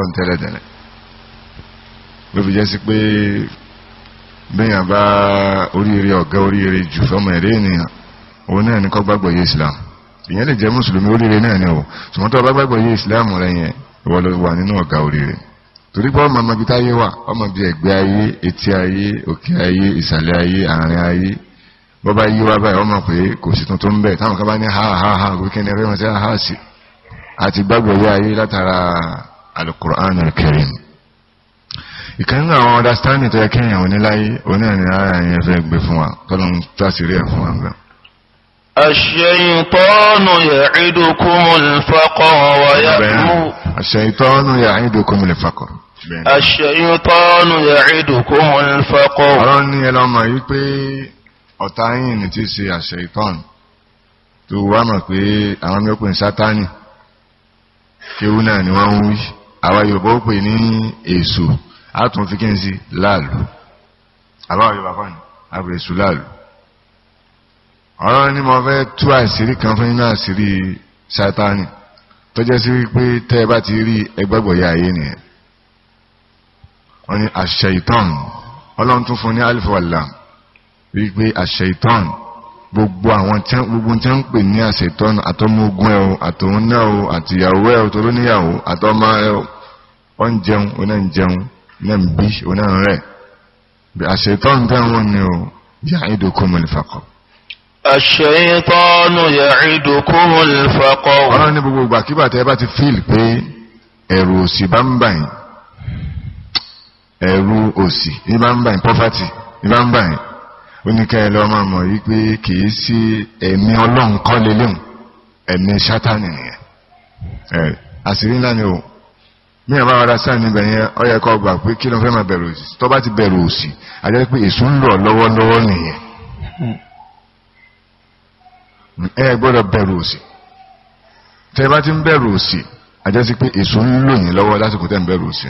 lọ́n tẹ́lẹ̀tẹ́lẹ̀ ló fi jẹ́ sí pé bẹ́yàn bá oríire ọ̀gá oríire jù fọ́mọ ẹ̀rẹ́ ènìyàn òun náà ní kọ́ gbàgbọ́ yé islam ìyẹn lè jẹ́ mùsùlùmí oríire náà ni o ṣùgbọ́n tó bá gbàgbọ́ yé islam rẹ yẹn ìwọ ló wà nínú ọ̀gá oríire torí pé ọmọ ọmọbi táyé wà ọmọ bíi ẹ̀gbẹ́ ayé etí ayé òkè ayé ìsàlẹ̀ ayé àárín ayé bọ́bá yí wá báyìí ọmọ pé kò sí tuntun bẹ́ẹ̀ táwọn kan bá ní ha ha ha kò kí ni rẹ́wọ̀n sí ha ha sí àti gbàgbọ́ yé ayé látara alukur'an alkarim ìkan náà àwọn understanding tó yẹ kéèyàn oníláyé onírìnrìn ara yẹn fẹ́ gbé fún wa tọ́lọ́ ń tásìrí ẹ̀ fún wa gbà. الشيطان يعدكم الفقر ويأمر الشيطان يعدكم الفقر الشيطان يعدكم الفقر ọ̀rọ̀ ní ẹ lọ mọ̀ yí pé ọ̀tá yìí ní tí àwa yorùbá ó pè ní èso àtún fi kí n sí láàlú àbáwọ̀ yorùbá kan àbẹ̀ èso láàlú ọ̀rọ̀ ni mo fẹ́ tú àṣírí kan fún nínú àṣírí sátánì tó jẹ́ sí wípé tẹ́ ẹ bá ti rí ẹgbẹ́gbọ̀yà ayé nìyẹn wọ́n ní àṣẹ ìtàn ọlọ́run tún fún ní alifu wípé àṣẹ ìtàn gbogbo àwọn gbogbo tí ń pè ní àṣetọ́nà àtọmọ ogun ẹ̀ o àtòun náà o àtìyàwó ẹ̀ o toró níyàwó àtọmọ ẹ̀ o ó ń jẹun ó náà ń jẹun náà ń bí ó náà ń rẹ̀ bí àṣetọ́nà táwọn ni o ya'idukumul faqr. àṣetọ́nù ya'idukumul faqr. ọlọ́run ní gbogbo ìgbàkígbà tẹ́ bá ti fíìl pé ẹ̀rù òṣì bá ń bà ẹ̀rù òṣì ní bá ń bà oníkẹ́ lọ máa mọ̀ wípé kìí sí ẹ̀mí ọlọ́run kọ́ lélẹ́hùn ẹ̀mí sátánì nìyẹn ẹ̀ àṣírí ńlá ni o mí àbá wa rásán níbẹ̀ ọ yẹ kọ́ gbà pé kí ló fẹ́ máa bẹ̀rù òsì tó bá ti bẹ̀rù òsì àjẹ́ pé èso ń lọ lọ́wọ́lọ́wọ́ nìyẹn ẹ gbọ́dọ̀ bẹ̀rù òsì bá ti ń bẹ̀rù òsì àjẹ́ sí pé èso ń lò yín lọ́wọ́ lásìkò tẹ́ ń bẹ̀rù òsì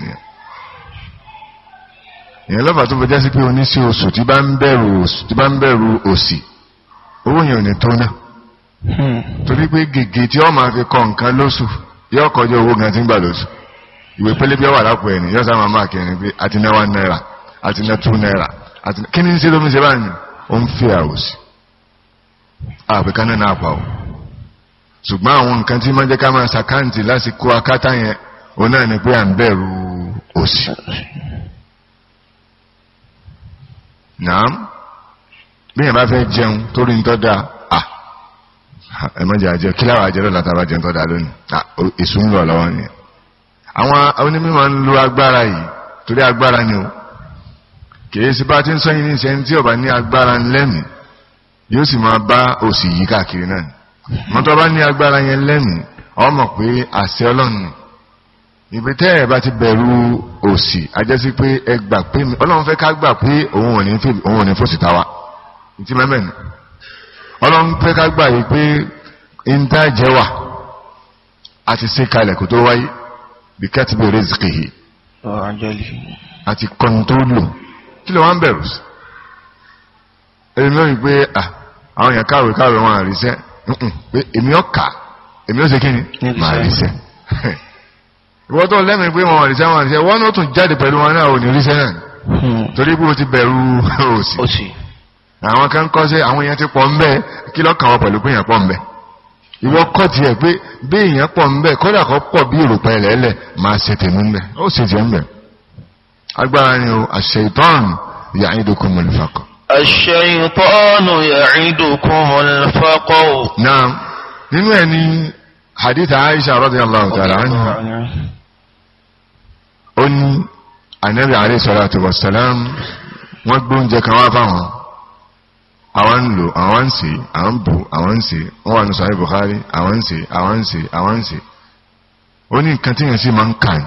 ìyẹn lọ́fà tó fẹjá sí pé oníṣẹ́ oṣù tí bá ń bẹ̀rù òṣì owó yẹn ò ní tó náà hmm. torí pé gègé tí ó máa fi kọ nǹkan lóṣù yóò kọjá owó gan tí ń gbà lóṣù ìwé pélébí ọwà lápò ẹni yóò sáà máa kí ẹni pé àti ná one náírà àti ná two náírà àti kí ni ń ṣe ló ń ṣe báyìí ó ń fi àwòsí àbíká náà náà pa ò ṣùgbọ́n àwọn nǹkan tí máa jẹ́ ká máa ṣàkáǹtì lásìkò akátá yẹn òun náà ni pé à ń bẹ̀rù òṣì nàám bí yẹn bá fẹ́ jẹun torí ń tọ́da à ẹ mọ̀ jẹ́ àjẹ kí láwọn àjẹ lọ́la tá a bá jẹun tọ́da lónìí èso ń lọ lọ́wọ́ ni àwọn onímọ̀ ń lo agbára yìí torí agbára ni o kìí sí bá ti ń sọ́yìn ní ìṣẹ́ tí ọba ní agbára lẹ́mìí yóò sì máa bá òsì yìí káàkiri náà mọ́tọ́ bá ní agbára yẹn lẹ́mìí ọmọ pé àṣẹ ọlọ́run ìpè tẹ́ ẹ̀ bá ti bẹ̀rù òsì ajẹ́sí pé ẹ gbà pé ọlọ́run fẹ́ ká gbà pé òun ò ní fi òun ò ní fòsì táwa ìtì mẹ́mẹ́nu ọlọ́run fẹ́ ká gbà yìí pé níta jẹ́ wà a ti ṣe kalẹ̀ kó tó wáyé bí kẹ́tìbí rẹ́sìkìhì àti kọ́ńtólù kí ló wá ń bẹ̀rù sí ẹni lórí pé àwọn èèyàn káwé káwé wọn àríṣẹ́ pé èmi ọ̀ka èmi ó ṣe kí ni màá ríṣẹ́. ìwọ́n tó lẹ́mìí pé wọn àrísẹ́ wọn àrísẹ́ wọ́n ó tún jáde pẹ̀lú wọn náà ò ní ríṣẹ́ náà hmm. torí bí o ti bẹ̀rù òsì àwọn kan kọ́ sí àwọn èèyàn ti pọ̀ ń bẹ́ kí lọ́kàn wọn pẹ̀lú pé èèyàn pọ̀ ń bẹ́ ìwọ kọ́ tiẹ̀ pé bí èèyàn pọ̀ ń bẹ́ kọ́ pọ̀ bí òrùpẹ́ lẹ́lẹ̀ máa ṣe tèmi ń bẹ́ ó ń bẹ́ agbára ni o àṣẹ ó ní ànábì alayhi salatu wassalam wọ́n gbóúnjẹ kan wá fáwọn àwọn ń lò àwọn ń sè àwọn ń bù àwọn ń sè wọ́n wà ní sọ̀rọ̀ Bukhari àwọn ń sè àwọn ń sè àwọn ń sè ó ní nǹkan tí yẹn sì máa ń kà ní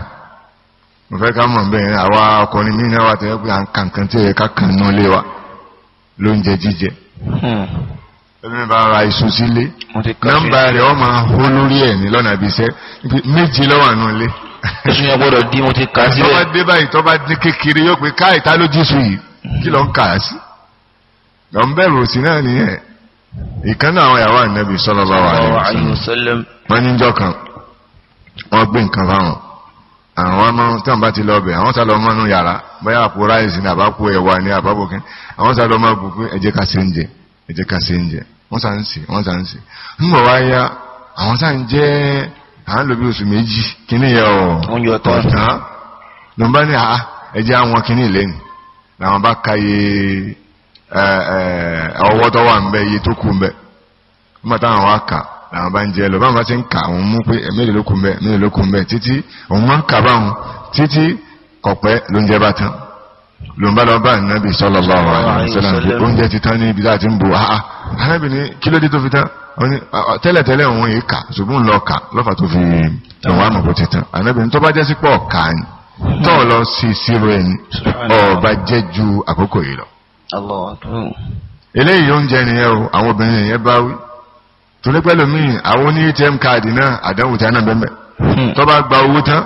hmm. ra iṣu sílé nọ́mbà rẹ̀ ọ máa lórí ẹ̀ ní lọ́nà àbíṣẹ́ méje lọ́wọ́ àánú ilé Jésù yẹn gbọ́dọ̀ dín mo ti kà á síbẹ̀. tó bá dé báyìí tó bá dín kékeré yóò pé ká ìta ló Jésù yìí kí ló ń kà á sí. lọ ń bẹ̀rù sí náà nìyẹn ìkànnì àwọn ìyàwó ànábì sallallahu alaihi wasallam. wọ́n ní jọ kan wọ́n gbé nǹkan fáwọn àwọn ọmọ tí bá ti lọ bẹ̀ àwọn sálọ ọmọ inú yàrá bóyá àpò ráìsì ní àbápò ẹ̀wà ní àbápò kí àwọn sálọ ọmọ bù pé ẹ ká ṣe ń jẹ ẹ ká ṣe ń jẹ wọ́n sá ń sè wọ́n sá ń sè. ń bọ̀ àwọn sá ń jẹ́ a ń lò bí oṣù méjì kíní yẹ ọ̀ ọ̀tán ló ń bá ní àá ah, ẹjẹ́ àwọn kíní lẹ́nu làwọn bá ka iye ọwọ́ tó wà ń iye tó kù nígbà táwọn wá kà làwọn bá ń jẹ lọ báwọn bá ti ń kà mú pé mélòó ló kù mélòó ló kù títí òun máa ń kà báwọn títí kọ̀pẹ́ ló ń bá tán ló ń bá lọ bá anábì ní kí ló dé tó fi tán tẹ́lẹ̀tẹ́lẹ̀ òun yìí kà ṣùgbọ́n lọ kà lọ́fà tó fi lọ́wọ́ àmọ̀ bó ti tán anábì ní tó bá jẹ́ sí pọ̀ kà ní tó lọ sí sírò ẹni ọba jẹ́ ju àkókò yìí lọ. eléyìí oúnjẹ nìyẹn o àwọn obìnrin yẹn bá wí torí pẹ́lú mi àwọn oní atm káàdì náà àdánwò tí a náà bẹ́ẹ̀ hmm. tó bá gba owó tán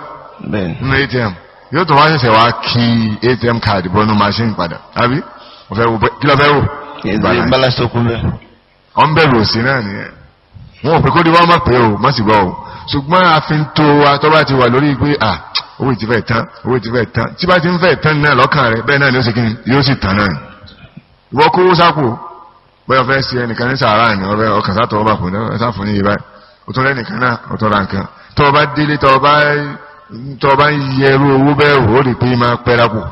nínú atm yóò tó wá ṣẹ̀ṣẹ̀ wá kí atm káàdì bọ́nú máṣíìnì padà àbí kí lọ fẹ́ wò. balance tó òsì náà nìyẹn wọn ò pé kó di wọn má pé o má sì bọ́ o ṣùgbọ́n àfin tó wa ti wà lórí pé à owó ti tán owó ti tán tí bá ti ń fẹ́ tán náà lọ́kàn rẹ bẹ́ẹ̀ náà ni ó sì yóò sì tán náà ìwọ sápò ẹnìkan ní sàárà ni ọkàn sátọ̀ ọba kò náà ní ibà náà ra nǹkan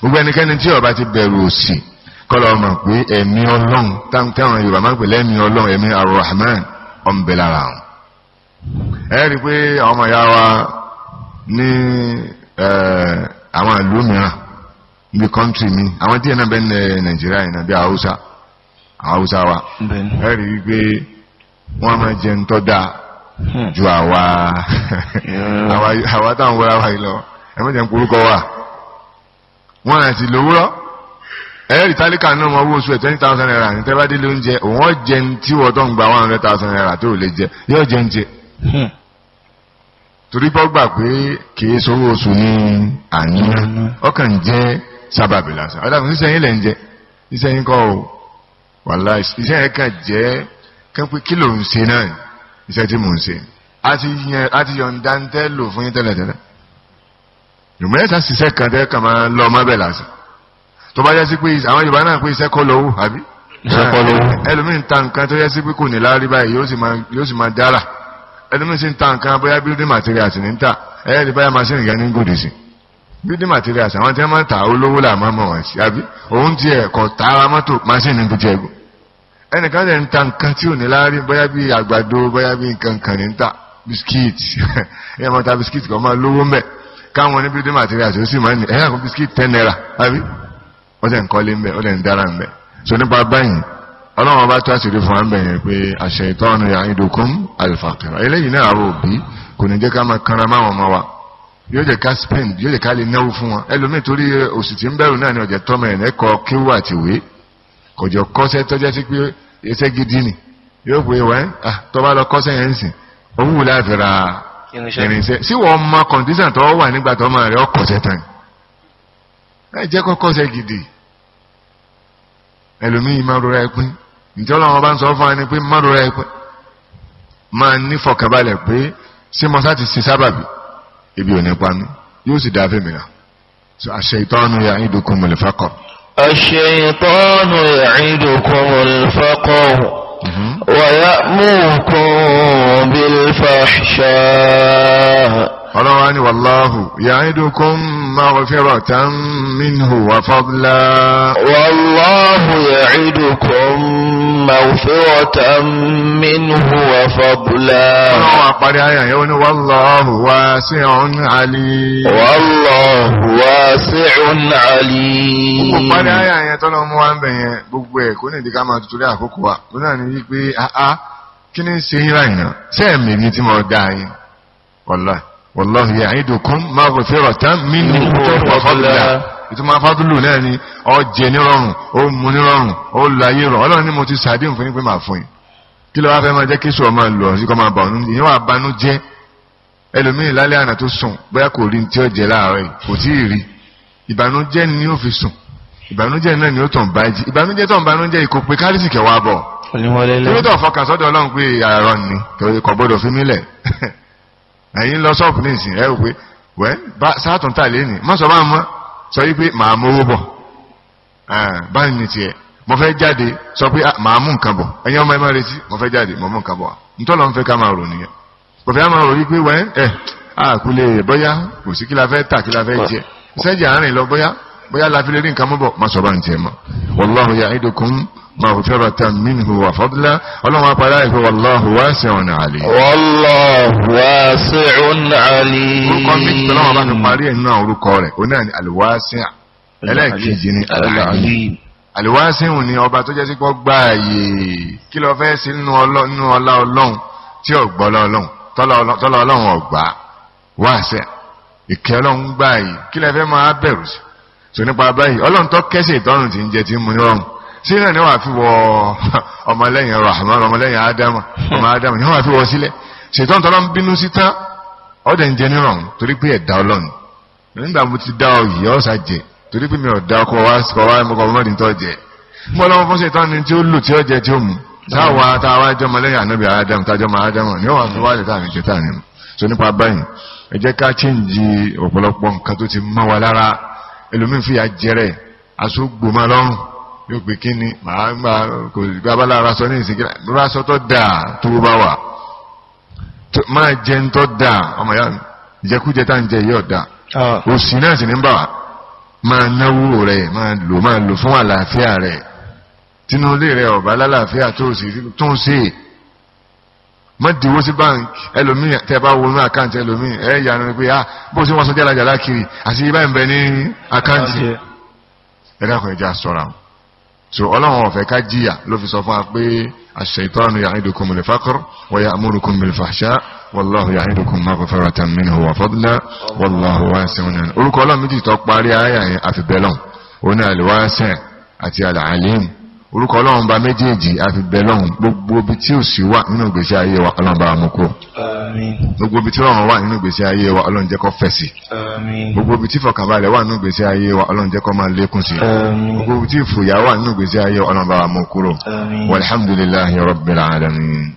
gbogbo ẹnikẹ́ni tí ó bá ti bẹ̀rù òṣì kọ́lọ̀ ọmọ pé ẹ̀mí ọlọ́run táwọn yorùbá máa ń pè lẹ́mí ọlọ́run ẹ̀mí arahman ọ̀nbẹ̀lára wọn. ẹ rí i pé àwọn ọmọ ìyá wa ní àwọn ìlú mìíràn níbi kọ́ńtì mi àwọn díẹ̀ náà bẹ́ẹ̀ ní nàìjíríà yìí náà bí haúsá haúsá wa ẹ rí i pé wọ́n máa jẹun tó dáa hmm. ju àwa àwa táwọn wúra wa yìí lọ ẹ má jẹun kúrúkọ wa wọn àti lówúrọ́ ẹ̀rí tálíkà náà mọ owó oṣù ẹ̀ twenty thousand naira ní tẹ́lá délé oúnjẹ òun ọ̀ jẹun tí wọ́n tó ń gba one hundred thousand naira tó lè jẹ yóò jẹun jẹ. Hmm. torí bọ́ gbà pé kìí sówó oṣù ní àníyàn ọkàn jẹ́ sábàbí lásán ọ̀dàkùn sísẹ́ yín lẹ̀ ń jẹ sísẹ́ yín kọ́ o wàlá iṣẹ́ yẹn kàn jẹ́ kẹ́pẹ́ kí ló ń ṣe náà iṣẹ́ tí mò ń ṣe. a yọ̀ǹda ń tẹ́ lò fún yín tẹ́lẹ̀tẹ́lẹ̀ yorùbá yẹn sàṣìṣẹ́ kan tẹ́ kàn máa lọ ọmọ bẹ́ẹ̀ lásán tó bá yẹ sí pé àwọn yorùbá náà pé iṣẹ́ kọ́ lówó àbí iṣẹ́ kọ́ lówó eh, ẹlòmíín ta nǹkan tó yẹ pé kò ní láárí báyìí yóò sì máa dára ẹlòmíín sì ń ta nǹkan bóyá building materials ní ń tà ẹ̀ẹ́dì báyà machine yẹn ní gòdì sí building materials àwọn tí wọ́n máa ta olówó làmọ́ mọ̀ wọ́n sí àbí òun ti ẹ̀ kọ̀ tààrà mọ́tò machine ní bìtì ẹ̀gùn ẹnìkan lè ń ta nǹkan tí ò ní láárí bóyá bí àgbàdo bóyá bí nǹkan kan ní ń tà bisikíìtì ẹ̀ mọ́ta bisikíìtì kan máa lówó mẹ́ẹ̀ káwọn ní building material tí ó sì máa ń ní ẹ̀yà kan bisikì ten naira àbí wọ́n tẹ̀ ń kọ́lé ń bẹ̀ wọ́n tẹ̀ ń dára ń bẹ̀ so nípa báyìí ọlọ́run bá tó àṣírí fún àmbẹ̀ yẹn pé àṣẹ ìtọ́nu ya'idukum al-faqra eléyìí náà àrò òbí kò ní jẹ́ ká máa kanra máwọn ọmọ wa yóò jẹ́ ká spend yóò jẹ́ ká lè náwó fún wọn ẹlòmíì torí òsì tí ń bẹ̀rù náà ni ọ̀jẹ̀ irinṣẹ́ sí wọ́n mọ kọ̀ǹdíṣàn tó wà nígbà tó ọmọ rẹ̀ ọkọ̀ṣẹ́ tán ẹ jẹ́ kọ́kọ́ṣẹ́ gidi ẹlòmíì má rora ẹ pín ǹjẹ́ ọlọ́run bá ń sọ fún ẹni pé má rora ẹ pín máa ní fọkàbalẹ̀ pé ṣé mo ti ṣe sábàbí ebi ò ní pa yóò sì dáa fèmí náà so àṣẹ ìtọ́nu ya ìdókòmọ̀lẹ́fàkọ́. àṣẹ ìtọ́nu ya ìdókòmọ̀lẹ́fàkọ́. ويأموكم بالفحشاء قرآن والله يعدكم مغفرة منه وفضلا والله يعدكم مغفرة منه وفضلا parí ayà yẹn ó ní wallahu wasi'un alim. wallahu wasi'un alim. gbogbo parí ayà yẹn tọ́lọ́ mú wa ń bẹ̀ gbogbo ẹ̀ kó ní ìdíkà máa tuntun àkókò wa kó náà ní wípé àá kí ni ṣe yín láyìn náà ẹ̀mí mi tí mo dá yín wallahi wallahu ya'idukum maghfiratan minhu wa fadla ìtumọ̀ afádúlù náà ni ọ jẹ nírọ̀rùn ó mú nírọ̀rùn ó láyé rọ̀ ọlọ́run ni mo ti sàdí kí ló wá fẹ́ máa jẹ́ kí sùọ́ máa lù ọ́ sí kọ́ máa bà ọ́ ìyẹn wà banú jẹ́ ẹlòmíì lálẹ́ àná tó sùn bóyá kò rí tí ó láàárọ̀ yìí kò tí ì rí ìbànújẹ́ ni ó fi sùn ìbànújẹ́ náà ni ó tàn bá jí ìbànújẹ́ tàn bànújẹ́ ìkó pé kárìsì kẹwàá bọ̀ kí tó fọkàn sọ́dọ̀ ọlọ́run pé àrọ̀ ni kò gbọ́dọ̀ fi mílẹ̀ ẹ̀yin lọ sọ́ọ̀pù ní ìsìn ẹ̀ wò pé wẹ́ sáàtúntà lé ní ni tiẹ̀ mo fẹ́ jáde sọ pé ah, màá mú nǹkan bọ̀ ẹ̀yin ọmọ ẹ má retí mo fẹ́ jáde mo mú nǹkan bọ̀ ntọ́lọ́ ń fẹ́ ká máa rò nìyẹn kò fẹ́ máa rò wípé wẹ́ ẹ̀ àkúlẹ̀ bóyá kò sí kí la fẹ́ tà kí la fẹ́ jẹ sẹ́jì àárín lọ bóyá bóyá la fi lè rí nǹkan mú bọ̀ má sọ bá ń tiẹ̀ mọ́ wallahu ya'idukum maghfiratan minhu wa fadla ọlọ́run apàdá ìfẹ́ wallahu wasi'un alim. wallahu wasi'un alim. orúkọ méjì tọ́lọ́wọ́n bá fi parí ẹ̀ nínú àwọn orúkọ rẹ̀ àlìwáṣíhùn ni ọba tó jẹ́ sí pọ́ gbá ààyè kí lọ fẹ́ sí nínú ọlá ọlọ́run tí ọ̀gbọ́lá ọlọ́run tọ́lá ọlọ́run ọ̀gbá wáṣẹ́ ìkẹ́ ọlọ́run gbá ààyè kí lẹ fẹ́ máa bẹ̀rù sí so nípa báyìí ọlọ́run tó kẹ́sẹ̀ ìtọ́rùn tí ń jẹ tí mú nírọ̀rùn sí náà ni wà fi wọ ọmọlẹ́yìn Rahman ọmọlẹ́yìn Ádámù ọmọ Ádámù ni wà fi wọ sílẹ̀ ṣètọ́n tọ́lá ń bínú sí tán ọdẹ ń jẹ nírọ̀rùn torí pé ẹ̀dá ọlọ́run nígbà mo ti dá ọ yìí ọ̀sà jẹ torí pé mi ò dá ọkọ̀ wá sọ wá mọ́kọ̀ ọmọdé tó jẹ́ mọ́ lọ́wọ́ fún ṣe ìtọ́ni tí ó lò tí ó jẹ tí ó mú táwa táwa jọmọ lẹ́yìn ànábì Adam tájọmọ Adam ní ọ̀wà tó wáyé táà ní jẹ mu so nípa báyìí ẹ jẹ́ ká chíǹjì ọ̀pọ̀lọpọ̀ nǹkan tó ti mọ́ wa lára ẹlòmíín fìyà jẹrẹ aṣọ́gbò máa lọ́rùn yóò pé kí ni màá gbà kò gbà bá lára sọ ní ìsìnkí rásọ tó dáa tó bá wà máa jẹun tó dáa ọmọ yá jẹkújẹ tá à ń jẹ yóò dáa ah. òsì máa náwó rẹ̀ máa lò máa lò fún àlàáfíà rẹ̀ tínú ilé rẹ̀ ọ̀bá lálàáfíà tó sì tún sí má dìwó sí báńkì ẹlòmíì tẹ bá wọnú àkáǹtì ẹlòmíì ẹ yanu pé ah bó ṣe wọ́n sọ jàlá jàlá àti ibà ń ní àkáǹtì ẹ dákun ẹja so ọlọ́run ọ̀fẹ́ ká jìyà ló fi sọ fún wa pé ash-shaytanu ya'idukumul faqr wa ya'murukum bil fahsha والله يعيدكم مغفرة منه وفضلا والله واسع orúkọ ọlọ́run méjì tó parí ayà yẹn àfibẹ́lọ́n oní àlùwáṣẹ́ àti àlàálẹ́m orúkọ ọlọ́run bá méjèèjì àfibẹ́lọ́n gbogbo ibi tí ò sí wà nínú ìgbésí ayé wa ọlọ́run bá mú kúrò gbogbo ibi tí ọ̀rọ̀ wà nínú ìgbésí ayé wa ọlọ́run jẹ́ kó fẹ̀ sí gbogbo ibi tí fọkànbalẹ̀ wà nínú ìgbésí ayé wa ọlọ́run jẹ́ kó máa lékún sí gbogbo ibi tí ìfòyà wà nínú ìgbésí ayé wa ọlọ́run bá mú kúrò walhamdulillahi rabbil alamin